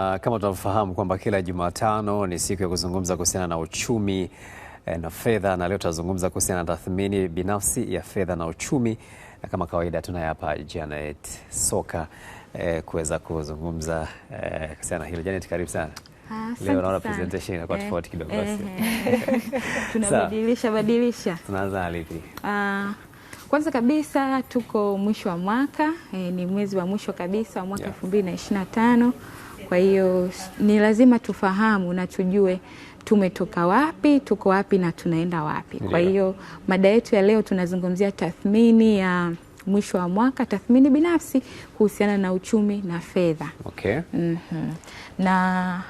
Uh, kama tunavyofahamu kwamba kila Jumatano ni siku ya kuzungumza kuhusiana na uchumi eh, na fedha, na leo tutazungumza kuhusiana na tathmini binafsi ya fedha na uchumi, na eh, kama kawaida tunaye hapa Janet Soka eh, kuweza kuzungumza eh, kuhusiana na hilo. Janet, karibu sana. Ah, Leo naona presentation inakuwa eh, tofauti kidogo, eh, basi tunabadilisha badilisha. Tunaanza alipi? Ah, Kwanza kabisa tuko mwisho wa mwaka eh, ni mwezi wa mwisho kabisa wa mwaka 2025 yeah. Kwa hiyo ni lazima tufahamu na tujue tumetoka wapi, tuko wapi na tunaenda wapi. Kwa hiyo mada yetu ya leo tunazungumzia tathmini ya mwisho wa mwaka, tathmini binafsi kuhusiana na uchumi na fedha. Okay. Mm -hmm. Na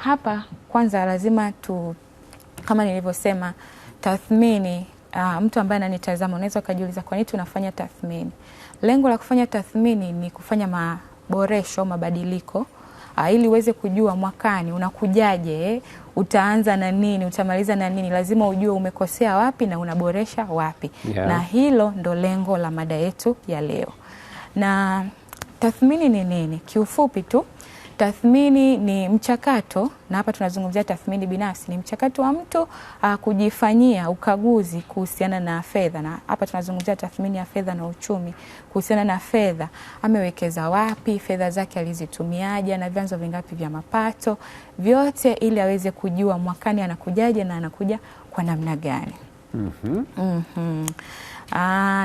hapa kwanza lazima tu, kama nilivyosema, tathmini uh, mtu ambaye ananitazama unaweza ukajiuliza kwa nini tunafanya tathmini. Lengo la kufanya tathmini ni kufanya maboresho, mabadiliko Ah, ili uweze kujua mwakani unakujaje eh? Utaanza na nini, utamaliza na nini, lazima ujue umekosea wapi na unaboresha wapi yeah. Na hilo ndo lengo la mada yetu ya leo. Na tathmini ni nini? Kiufupi tu Tathmini ni mchakato, na hapa tunazungumzia tathmini binafsi. Ni mchakato wa mtu a, ah, kujifanyia ukaguzi kuhusiana na fedha, na hapa tunazungumzia tathmini ya fedha na uchumi kuhusiana na fedha. Amewekeza wapi fedha zake, alizitumiaje na vyanzo vingapi vya mapato, vyote ili aweze kujua mwakani anakujaje na anakuja kwa namna gani. mm -hmm. Mm -hmm. Uh,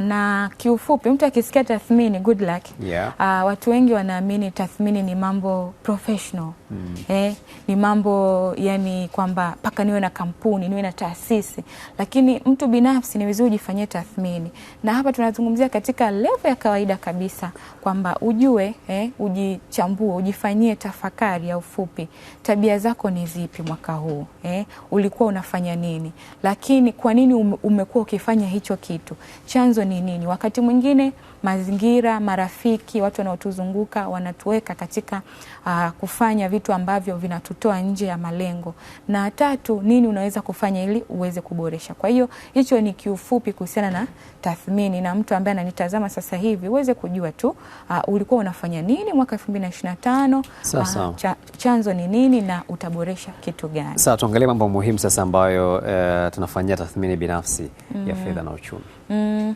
na kiufupi mtu akisikia tathmini good luck yeah. Uh, watu wengi wanaamini tathmini ni mambo professional mm. Eh, ni mambo yani kwamba mpaka niwe na kampuni niwe na taasisi, lakini mtu binafsi ni vizuri ujifanyie tathmini, na hapa tunazungumzia katika level ya kawaida kabisa kwamba ujue eh, ujichambue, ujifanyie tafakari ya ufupi, tabia zako ni zipi mwaka huu eh, ulikuwa unafanya nini, lakini kwa nini umekuwa ukifanya hicho kitu Chanzo ni nini? Wakati mwingine mazingira, marafiki, watu wanaotuzunguka wanatuweka katika uh, kufanya vitu ambavyo vinatutoa nje ya malengo. Na tatu, nini unaweza kufanya ili uweze kuboresha? Kwa hiyo hicho ni kiufupi kuhusiana na tathmini, na mtu ambaye ananitazama sasa hivi uweze kujua tu uh, ulikuwa unafanya nini mwaka 2025 uh, ah, cha, chanzo ni nini na utaboresha kitu gani? Sasa tuangalie mambo muhimu sasa ambayo uh, tunafanyia tathmini binafsi mm. ya fedha na uchumi mm a,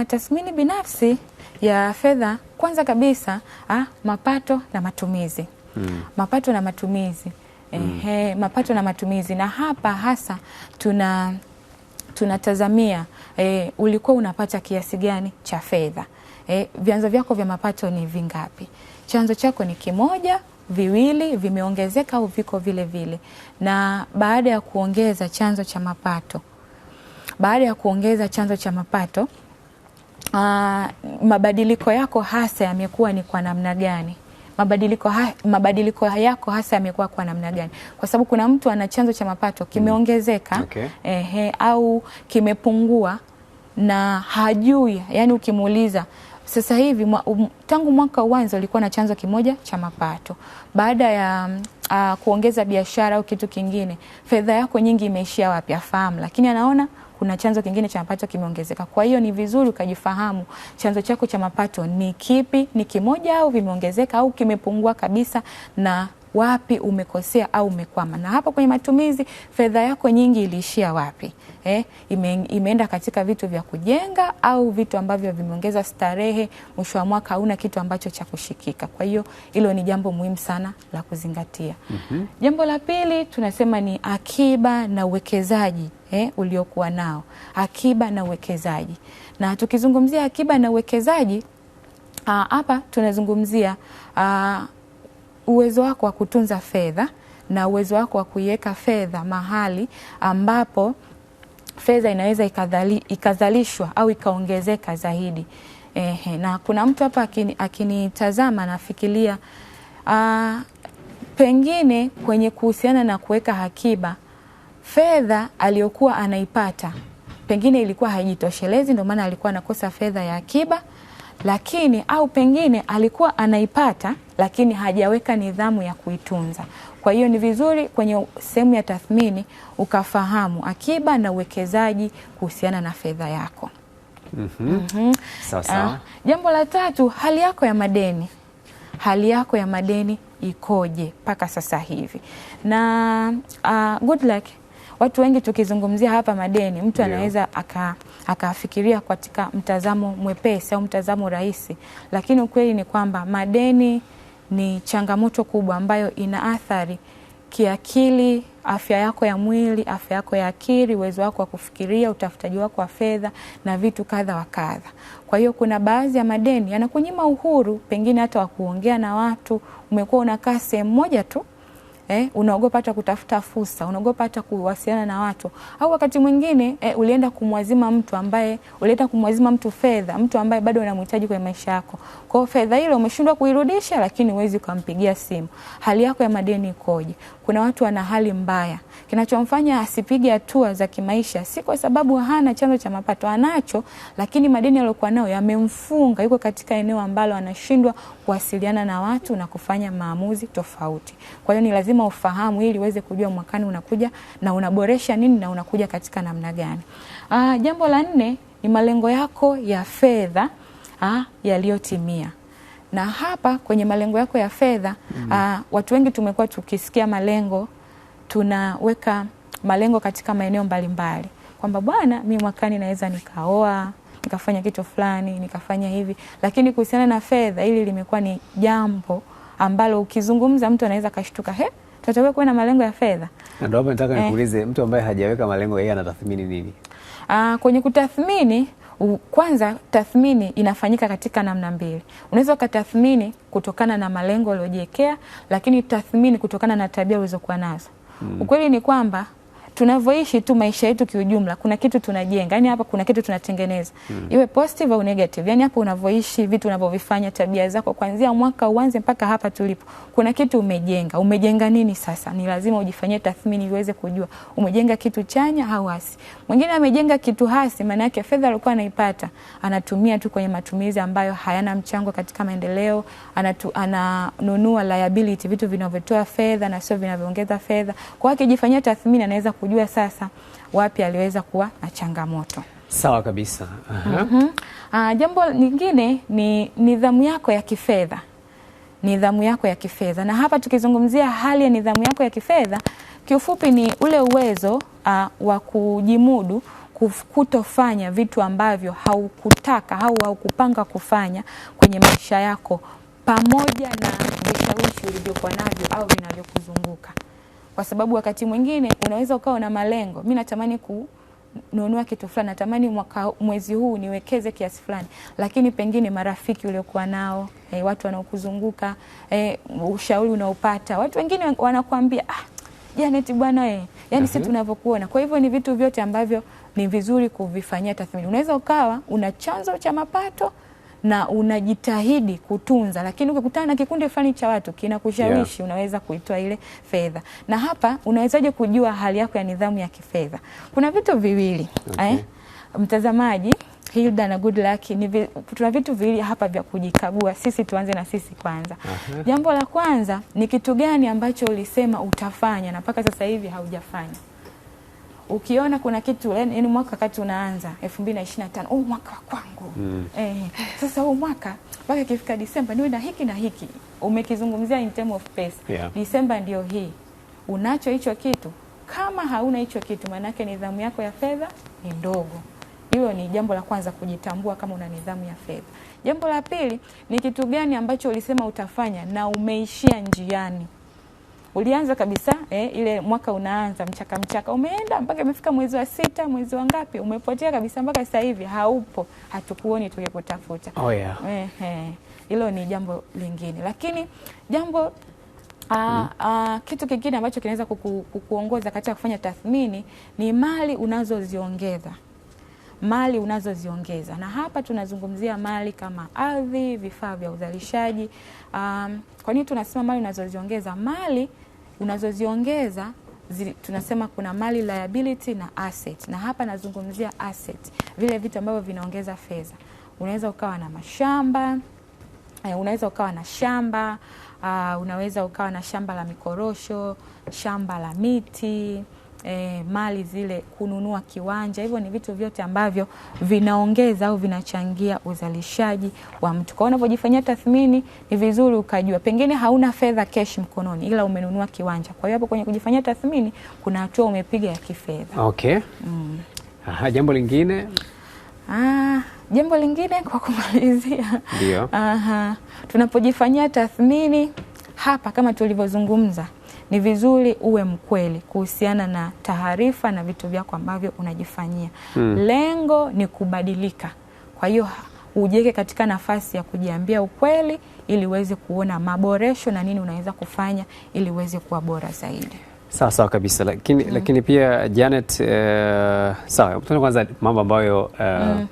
ah, tathmini binafsi ya fedha kwanza kabisa a, ah, mapato na matumizi mm. Mapato na matumizi mm. mapato na matumizi na hapa hasa tuna tunatazamia e, ulikuwa unapata kiasi gani cha fedha e, vyanzo vyako vya mapato ni vingapi? Chanzo chako ni kimoja viwili vimeongezeka au viko vile vile, na baada ya kuongeza chanzo cha mapato baada ya kuongeza chanzo cha mapato Uh, mabadiliko yako hasa yamekuwa ni kwa namna gani? Mabadiliko, ha mabadiliko yako hasa yamekuwa kwa namna gani? Kwa sababu kuna mtu ana chanzo cha mapato mm. kimeongezeka, okay. Ehe, au kimepungua na hajui, yani ukimuuliza sasa hivi um, tangu mwaka uwanza ulikuwa na chanzo kimoja cha mapato, baada ya uh, kuongeza biashara au kitu kingine, fedha yako nyingi imeishia wapi? Afahamu, lakini anaona kuna chanzo kingine cha mapato kimeongezeka. Kwa hiyo ni vizuri ukajifahamu chanzo chako cha mapato ni kipi, ni kimoja au vimeongezeka au kimepungua kabisa, na wapi umekosea au umekwama, na hapo kwenye matumizi fedha yako nyingi iliishia wapi? Eh, ime, imeenda katika vitu vya kujenga au vitu ambavyo vimeongeza starehe. Mwisho wa mwaka hauna kitu ambacho cha kushikika. Kwa hiyo hilo ni jambo muhimu sana la kuzingatia. mm -hmm. Jambo la pili tunasema ni akiba na uwekezaji eh, uliokuwa nao, akiba na uwekezaji. Na tukizungumzia akiba na uwekezaji ah, hapa tunazungumzia aa, ah, uwezo wako wa kutunza fedha na uwezo wako wa kuiweka fedha mahali ambapo fedha inaweza ikazali, ikazalishwa au ikaongezeka zaidi. Ehe, na kuna mtu hapa akinitazama akini anafikiria ah, pengine kwenye kuhusiana na kuweka akiba fedha aliyokuwa anaipata pengine ilikuwa haijitoshelezi, ndio maana alikuwa anakosa fedha ya akiba, lakini au pengine alikuwa anaipata lakini hajaweka nidhamu ya kuitunza. Kwa hiyo ni vizuri kwenye sehemu ya tathmini ukafahamu akiba na uwekezaji kuhusiana na fedha yako. mm -hmm. Mm -hmm. Sawa Uh, jambo la tatu, hali yako ya madeni, hali yako ya madeni ikoje mpaka sasa hivi? Na uh, good luck watu wengi tukizungumzia hapa madeni, mtu anaweza akafikiria aka katika mtazamo mwepesi au mtazamo rahisi, lakini ukweli ni kwamba madeni ni changamoto kubwa ambayo ina athari kiakili, afya yako ya mwili, afya yako ya akili, uwezo wako wa kufikiria, utafutaji wako wa fedha na vitu kadha wa kadha. Kwa hiyo kuna baadhi ya madeni yanakunyima uhuru, pengine hata wa kuongea na watu, umekuwa unakaa sehemu moja tu eh, unaogopa hata kutafuta fursa, unaogopa hata kuwasiliana na watu, au wakati mwingine eh, ulienda kumwazima mtu ambaye ulienda kumwazima mtu fedha, mtu ambaye bado unamhitaji kwenye maisha yako. Kwa fedha ile umeshindwa kuirudisha, lakini uwezi kumpigia simu. Hali yako ya madeni ikoje? Kuna watu wana hali mbaya, kinachomfanya asipige hatua za kimaisha si kwa sababu hana chanzo cha mapato, anacho, lakini madeni aliyokuwa nayo yamemfunga, yuko katika eneo ambalo anashindwa kuwasiliana na watu na kufanya maamuzi tofauti. Kwa hiyo ni lazima ufahamu ili uweze kujua mwakani unakuja na unaboresha nini na unakuja katika namna gani. Ah, jambo la nne ni malengo yako ya fedha ah, yaliyotimia na hapa kwenye malengo yako ya fedha mm. Uh, watu wengi tumekuwa tukisikia malengo, tunaweka malengo katika maeneo mbalimbali kwamba bwana, mi mwakani naweza nikaoa nikafanya kitu fulani, nikafanya hivi. Lakini kuhusiana na fedha, hili limekuwa ni jambo ambalo ukizungumza mtu anaweza kashtuka he, tunatakiwa kuwe na malengo ya fedha. Ndio hapo nataka eh. nikuulize, mtu ambaye hajaweka malengo, yeye anatathmini nini? Aa, ah, kwenye kutathmini kwanza tathmini inafanyika katika namna mbili. Unaweza ukatathmini kutokana na malengo uliojiwekea, lakini tathmini kutokana na tabia ulizokuwa nazo. Mm. Ukweli ni kwamba tunavyoishi tu maisha yetu kiujumla, kuna kitu tunajenga, yani hapa kuna kitu tunatengeneza mm. iwe positive au negative. Yani hapa unavyoishi, vitu unavyovifanya, tabia zako, kuanzia mwaka uanze mpaka hapa tulipo, kuna kitu umejenga. Umejenga nini? Sasa ni lazima ujifanyie tathmini uweze kujua umejenga kitu chanya au hasi. Mwingine amejenga kitu hasi, maana yake fedha alikuwa anaipata anatumia tu kwenye matumizi ambayo hayana mchango katika maendeleo, anatu, ananunua liability, vitu vinavyotoa fedha na sio vinavyoongeza fedha. Kwa hiyo akijifanyia tathmini anaweza kujua sasa wapi aliweza kuwa na changamoto. Sawa kabisa. -huh. Mhm. Ah, uh, Jambo lingine ni nidhamu yako ya kifedha, nidhamu yako ya kifedha. Na hapa tukizungumzia hali ya nidhamu yako ya kifedha, kiufupi ni ule uwezo ah, wa kujimudu kutofanya vitu ambavyo haukutaka au haukupanga kufanya kwenye maisha yako, pamoja na vishawishi ulivyokuwa navyo au vinavyokuzunguka kwa sababu wakati mwingine unaweza ukawa na malengo, mi natamani kununua kitu fulani, natamani mwaka, mwezi huu niwekeze kiasi fulani, lakini pengine marafiki uliokuwa nao eh, watu wanaokuzunguka eh, ushauri unaopata watu wengine wanakuambia ah, Janeti bwana eh, yani uh -huh. sisi tunavyokuona. Kwa hivyo ni vitu vyote ambavyo ni vizuri kuvifanyia tathmini. Unaweza ukawa una chanzo cha mapato na unajitahidi kutunza, lakini ukikutana na kikundi fulani cha watu kinakushawishi, yeah. unaweza kuitoa ile fedha. Na hapa unawezaje kujua hali yako ya nidhamu ya kifedha? Kuna vitu viwili okay. eh? Mtazamaji Hilda na good luck, ni tuna vitu viwili hapa vya kujikagua sisi. Tuanze na sisi kwanza. Aha. Jambo la kwanza ni kitu gani ambacho ulisema utafanya na mpaka sasa hivi haujafanya? ukiona kuna kitu yani mwaka wakati unaanza 2025 oh, mwaka wa kwangu mm. Eh, sasa huu mwaka mpaka ikifika Disemba niwe na hiki na hiki, umekizungumzia in term of pace yeah. Disemba ndio hii, unacho hicho kitu. Kama hauna hicho kitu, maanake nidhamu yako ya fedha ni ndogo. Hilo ni jambo la kwanza, kujitambua kama una nidhamu ya fedha. Jambo la pili ni kitu gani ambacho ulisema utafanya na umeishia njiani. Ulianza kabisa eh, ile mwaka unaanza mchaka mchaka, umeenda mpaka imefika mwezi wa sita, mwezi wa ngapi, umepotea kabisa, mpaka sasa hivi haupo, hatukuoni tulipotafuta. Oh yeah. Eh, eh, hilo ni jambo lingine, lakini jambo Aa, ah, hmm. aa, ah, kitu kingine ambacho kinaweza kuku, kukuongoza katika kufanya tathmini ni mali unazoziongeza, mali unazoziongeza, na hapa tunazungumzia mali kama ardhi, vifaa vya uzalishaji. Um, kwa nini tunasema mali unazoziongeza? Mali unazoziongeza zi, tunasema kuna mali liability na asset, na hapa nazungumzia asset, vile vitu ambavyo vinaongeza fedha. Unaweza ukawa na mashamba eh, unaweza ukawa na shamba uh, unaweza ukawa na shamba la mikorosho, shamba la miti e, mali zile, kununua kiwanja. Hivyo ni vitu vyote ambavyo vinaongeza au vinachangia uzalishaji wa mtu. Kwa unapojifanyia tathmini, ni vizuri ukajua, pengine hauna fedha cash mkononi, ila umenunua kiwanja. Kwa hiyo hapo kwenye kujifanyia tathmini kuna hatua umepiga ya kifedha. Okay. Mm. Aha, jambo lingine Ah, jambo lingine kwa kumalizia, ndio tunapojifanyia tathmini hapa, kama tulivyozungumza, ni vizuri uwe mkweli kuhusiana na taarifa na vitu vyako ambavyo unajifanyia. Hmm. Lengo ni kubadilika, kwa hiyo ujiweke katika nafasi ya kujiambia ukweli ili uweze kuona maboresho na nini unaweza kufanya ili uweze kuwa bora zaidi. Sawa sawa kabisa, lakini, mm. lakini pia Janet, uh, sawa tuna kwanza mambo ambayo uh, mm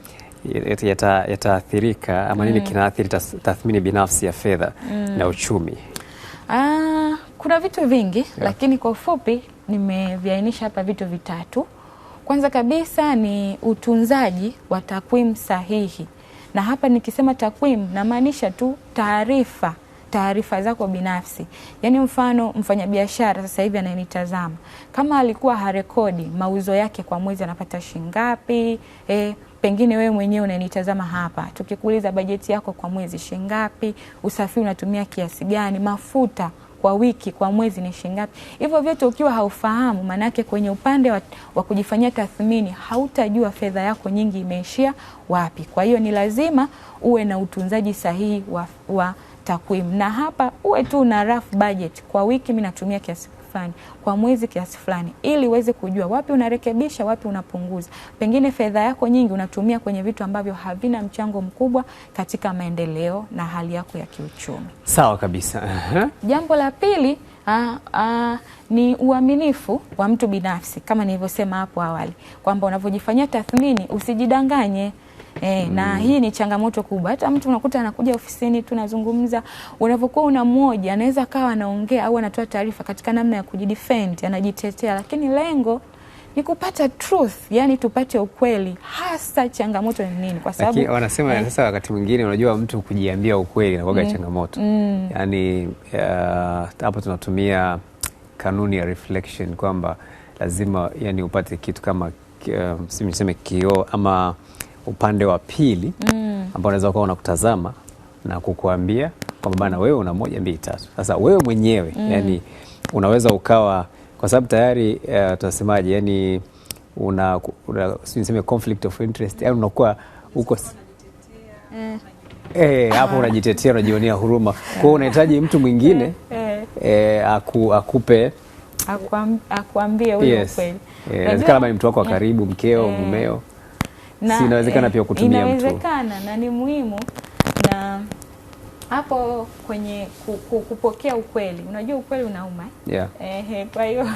yataathirika yata ama nini mm. kinaathiri tathmini binafsi ya fedha mm. na uchumi? Aa, ah, kuna vitu vingi yeah, lakini kwa ufupi nimeviainisha hapa vitu vitatu. Kwanza kabisa ni utunzaji wa takwimu sahihi, na hapa nikisema takwimu namaanisha tu taarifa taarifa zako binafsi. Yaani, mfano mfanyabiashara sasa hivi anayenitazama, kama alikuwa harekodi mauzo yake kwa mwezi anapata shingapi? E, pengine wewe mwenyewe unanitazama hapa, tukikuuliza bajeti yako kwa mwezi shingapi? Usafiri unatumia kiasi gani? mafuta kwa wiki, kwa mwezi ni shilingi ngapi. Hivyo vyote ukiwa haufahamu, maanake kwenye upande wa, wa kujifanyia tathmini hautajua fedha yako nyingi imeishia wapi. Kwa hiyo ni lazima uwe na utunzaji sahihi wa, wa takwimu, na hapa uwe tu na rough budget. Kwa wiki mimi natumia kiasi fulani kwa mwezi kiasi fulani, ili uweze kujua wapi unarekebisha, wapi unapunguza. Pengine fedha yako nyingi unatumia kwenye vitu ambavyo havina mchango mkubwa katika maendeleo na hali yako ya kiuchumi. Sawa kabisa. Jambo la pili Aa, aa, ni uaminifu wa mtu binafsi kama nilivyosema hapo awali kwamba unavyojifanyia tathmini usijidanganye. E, na mm. Hii ni changamoto kubwa. Hata mtu unakuta anakuja ofisini tunazungumza, unavyokuwa moja anaweza akawa anaongea au anatoa taarifa katika namna ya kujidefend, anajitetea, lakini lengo ni kupata truth, yani tupate ukweli hasa changamoto ni nini, kwa sababu wanasema eh, sasa wakati mwingine unajua mtu kujiambia ukweli inakuwa mm, changamoto mm. Yani uh, hapo uh, tunatumia kanuni ya reflection kwamba lazima yani upate kitu kama um, niseme kioo ama upande wa pili mm. ambao unaweza kuwa unakutazama na kukuambia kwamba bana, wewe una moja mbili tatu. Sasa wewe mwenyewe mm. yani unaweza ukawa kwa sababu tayari uh, tunasemaje yani una, una niseme conflict of interest yani unakuwa uko eh. eh, hapo ah. unajitetea, unajionea huruma, kwa hiyo unahitaji mtu mwingine eh, eh. eh aku, akupe akuambie huyo kweli, yes. eh, kama ni mtu wako wa karibu, mkeo, mumeo na, si inawezekana eh, pia kutumia mtu. Inawezekana na ni muhimu na hapo kwenye kupokea ukweli. Unajua ukweli unauma, eh? yeah. Eh, kwa hiyo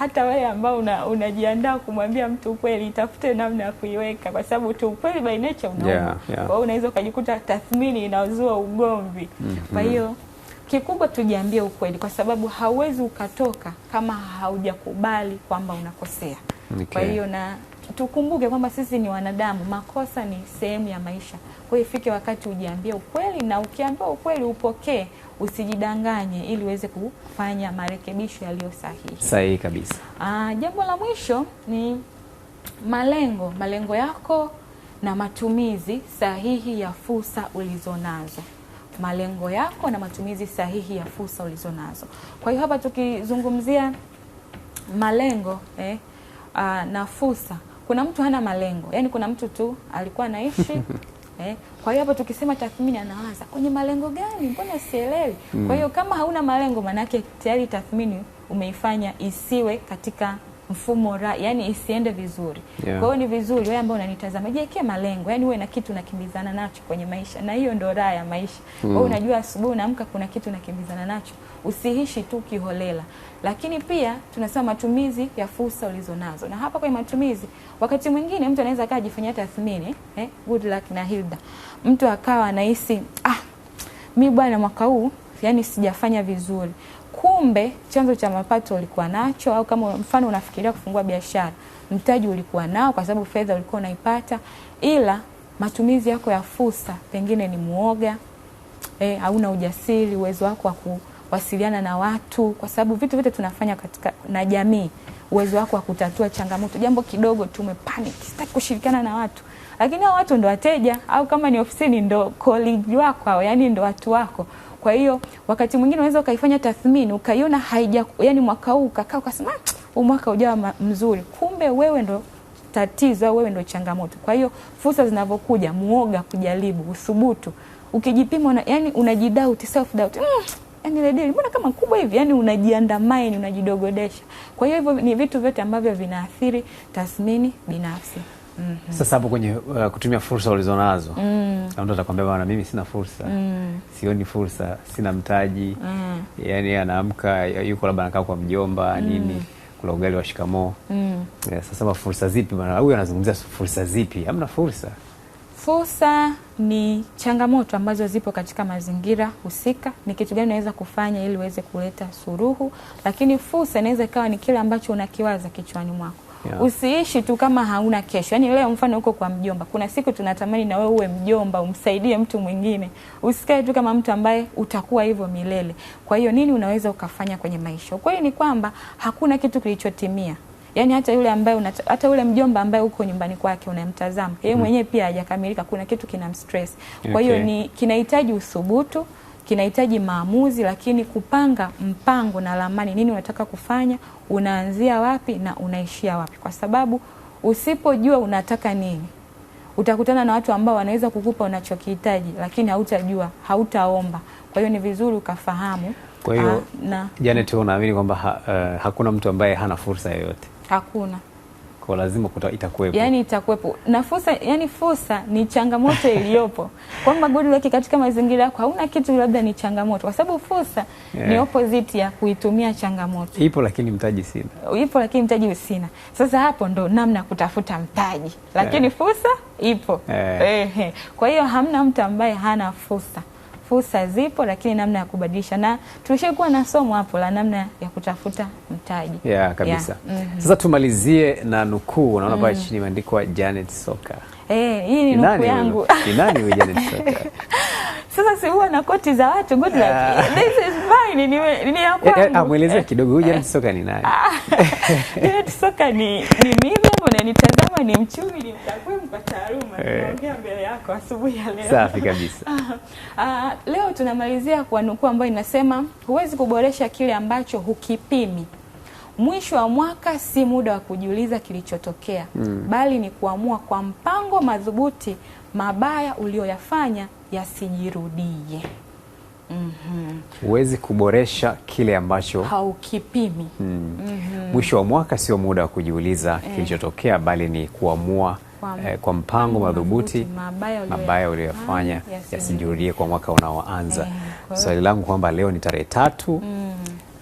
hata wewe ambao unajiandaa kumwambia mtu ukweli, itafute namna ya kuiweka, kwa sababu tu ukweli by nature unauma, yeah, yeah. Kwa hiyo unaweza ukajikuta tathmini inazua ugomvi mm -hmm. Kwa hiyo kikubwa tujiambie ukweli, kwa sababu hauwezi ukatoka kama haujakubali kwamba unakosea, okay. Kwa hiyo na tukumbuke kwamba sisi ni wanadamu, makosa ni sehemu ya maisha. Kwa hiyo ifike wakati ujiambie ukweli, na ukiambiwa ukweli upokee, usijidanganye, ili uweze kufanya marekebisho yaliyo sahihi. Sahihi kabisa. Ah, jambo la mwisho ni malengo, malengo yako na matumizi sahihi ya fursa ulizonazo malengo yako na matumizi sahihi ya fursa ulizonazo. Kwa hiyo hapa tukizungumzia malengo eh, uh, na fursa kuna mtu hana malengo, yani kuna mtu tu alikuwa anaishi Eh, kwa hiyo hapo tukisema tathmini anawaza kwenye malengo gani, mbona sielewi? Mm. Kwa hiyo kama hauna malengo, maanake tayari tathmini umeifanya isiwe katika mfumo ra, yani isiende vizuri yeah. Kwa hiyo ni vizuri wewe ambaye unanitazama, jiwekee malengo, yani uwe na kitu unakimbizana nacho kwenye maisha, na hiyo ndio raha ya maisha mm. Wewe unajua asubuhi unaamka, kuna kitu unakimbizana nacho, usiishi tu kiholela. Lakini pia tunasema matumizi ya fursa ulizonazo, na hapa kwenye matumizi, wakati mwingine mtu anaweza akawa tathmini eh, good luck na Hilda, mtu akawa anahisi ah, mi bwana mwaka huu yani sijafanya vizuri kumbe chanzo cha mapato ulikuwa nacho, au kama mfano unafikiria kufungua biashara, mtaji ulikuwa nao kwa sababu fedha ulikuwa unaipata, ila matumizi yako ya fursa pengine ni muoga, eh, ujasiri, uwezo wako wa kuwasiliana na watu, kwa sababu vitu vyote tunafanya katika na jamii, uwezo wako wa kutatua changamoto, jambo kidogo tu umepanic, sitaki kushirikiana na watu lakini hao watu ndo wateja, au kama ni ofisini ndo colleague wako hao, yani ndo watu wako. Kwa hiyo wakati mwingine unaweza ukaifanya tathmini ukaiona haija, yani mwaka huu ukakaa ukasema ah, huu mwaka ujawa mzuri, kumbe wewe ndo tatizo au wewe ndo changamoto. Kwa hiyo fursa zinavyokuja, muoga kujaribu, uthubutu. Ukijipima una, yani unajidoubt, self doubt mm, yani ile mbona kama kubwa hivi, yani unajiandamaini, unajidogodesha. Kwa hiyo hivyo ni vitu vyote ambavyo vinaathiri tathmini binafsi. -hmm. Sasa hapo kwenye uh, kutumia fursa ulizonazo mm. mtu mm -hmm. atakwambia bana, mimi sina fursa mm -hmm. sioni fursa, sina mtaji mm -hmm. yani anaamka yuko labda anakaa kwa mjomba mm -hmm. nini kula ugali wa shikamoo mm -hmm. yeah, sasa fursa zipi bwana, Huyu anazungumzia fursa zipi? Hamna fursa. Fursa ni changamoto ambazo zipo katika mazingira husika, ni kitu gani unaweza kufanya ili uweze kuleta suruhu, lakini fursa inaweza ikawa ni kile ambacho unakiwaza kichwani mwako yeah. Usiishi tu kama hauna kesho. Yaani leo mfano uko kwa mjomba, kuna siku tunatamani na wewe uwe mjomba, umsaidie mtu mwingine, usikae tu kama mtu ambaye utakuwa hivyo milele. Kwa hiyo nini unaweza ukafanya kwenye maisha? Ukweli ni kwamba hakuna kitu kilichotimia Yaani hata yule ambaye hata yule mjomba ambaye uko nyumbani kwake unamtazama yeye mm-hmm. mwenyewe pia hajakamilika, kuna kitu kina Kwa hiyo okay, ni kinahitaji uthubutu kinahitaji maamuzi, lakini kupanga mpango na ramani, nini unataka kufanya, unaanzia wapi na unaishia wapi, kwa sababu usipojua unataka nini utakutana na watu ambao wanaweza kukupa unachokihitaji, lakini hautajua, hautaomba. Kwa hiyo ni vizuri ukafahamu. Kwa hiyo ah, Janet, unaamini kwamba ha, uh, hakuna mtu ambaye hana fursa yoyote? Hakuna kwa lazima itakuwepo, yani itakuwepo na fursa. Yani fursa ni changamoto iliyopo, kwamba Goodluck katika mazingira yako hauna kitu, labda ni changamoto, kwa sababu fursa yeah, ni opposite ya kuitumia changamoto. Ipo lakini mtaji sina, ipo lakini mtaji usina Sasa hapo ndo namna ya kutafuta mtaji, lakini yeah, fursa ipo yeah. Kwa hiyo hamna mtu ambaye hana fursa fursa zipo, lakini namna ya kubadilisha, na tulishakuwa na somo hapo la namna ya kutafuta mtaji yeah, kabisa yeah. Mm -hmm. Sasa tumalizie na nukuu, naona pale mm. chini imeandikwa Janet Soka. Eh, hii ni nukuu yangu. Ni nani huyu Janet Soka? Sasa si huwa na koti za watu good luck. Ah. This is mine, ni ni ya eh, eh, kwangu. Amwelezea kidogo huyu Janet Soka ni nani? Ah, Janet Soka ni ni mimi hapo na nitazama ni mchumi, ni mtakwe kwa taaluma. Eh. Naongea mbele yako asubuhi ya leo. Safi kabisa. Ah, leo tunamalizia kwa nukuu ambayo inasema huwezi kuboresha kile ambacho hukipimi. Mwisho wa mwaka si muda wa kujiuliza kilichotokea, mm, bali ni kuamua kwa mpango madhubuti mabaya uliyoyafanya yasijirudie. Mhm. Huwezi mm -hmm. kuboresha kile ambacho haukipimi. mm. mm -hmm. Mhm. Mwisho wa mwaka sio muda wa kujiuliza eh, kilichotokea bali ni kuamua kwa, eh, kwa mpango madhubuti mabaya uliyofanya ah, yes, yasijirudie kwa mwaka unaoanza. Eh, swali so, langu kwamba leo ni tarehe tatu mm.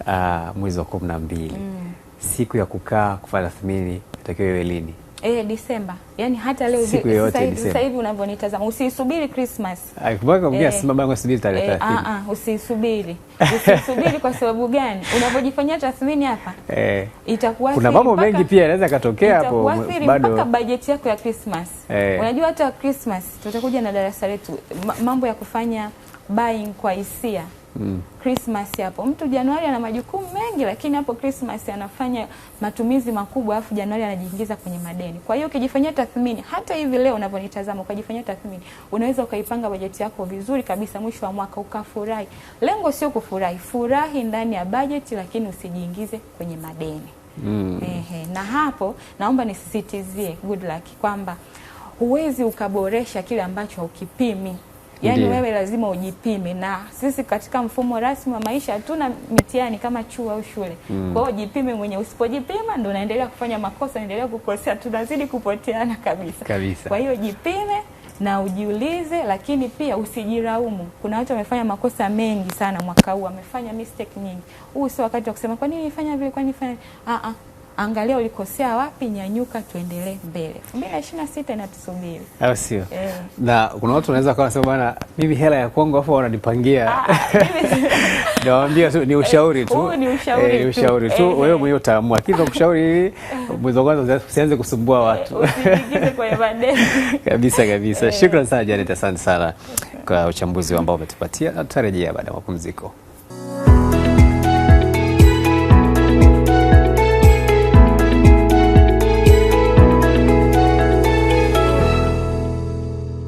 uh, mwezi wa kumi na mbili mm. siku ya kukaa kufanya tathmini itakiwa iwe lini? eh, Disemba. Yaani hata leo sasa hivi unavyonitazama usisubiri Christmas. Ah, eh. eh, ah, ah, usisubiri, usisubiri kwa sababu gani? Unavyojifanyia tathmini hapa eh, itakuwa kuna mambo mengi pia yanaweza katokea hapo bado mpaka bajeti yako ya Christmas eh. Unajua hata Christmas tutakuja na darasa letu mambo ya kufanya buying kwa hisia mm. Christmas hapo mtu Januari ana majukumu mengi, lakini hapo Christmas anafanya matumizi makubwa, alafu Januari anajiingiza kwenye madeni. Kwa hiyo ukijifanyia tathmini, hata hivi leo unavyonitazama, ukajifanyia tathmini, unaweza ukaipanga bajeti yako vizuri kabisa, mwisho wa mwaka ukafurahi. Lengo sio kufurahi, furahi ndani ya bajeti, lakini usijiingize kwenye madeni. Mm. Ehe, na hapo naomba nisisitizie good luck kwamba huwezi ukaboresha kile ambacho haukipimi yani wewe lazima ujipime, na sisi katika mfumo rasmi wa maisha hatuna mitihani kama chuo au shule. Mm. Kwa hiyo jipime mwenyewe, usipojipima ndo unaendelea kufanya makosa, unaendelea kukosea, tunazidi kupoteana kabisa, kabisa. Kwa hiyo jipime na ujiulize, lakini pia usijiraumu. Kuna watu wamefanya makosa mengi sana mwaka huu, wamefanya mistake nyingi. Huu sio wakati wa kusema kwa nini nilifanya vile, kwa nini nilifanya ah ah angalia ulikosea wapi, nyanyuka, tuendelee mbele. 2026 inatusubiri, au sio? Eh. Na kuna watu wanaweza kuwa wanasema bwana, mimi hela ya Kongo afu wananipangia. Ah, ah, Nawaambia tu ni ushauri tu. Huu ni ushauri eh, tu. Eh. wewe mwenyewe utaamua. Kitu kushauri hivi mwezi wa kwanza usianze kusumbua watu. Usiingize kwenye madeni. Kabisa kabisa. Shukrani sana Janet, asante sana kwa uchambuzi ambao umetupatia na tutarejea baada ya mapumziko.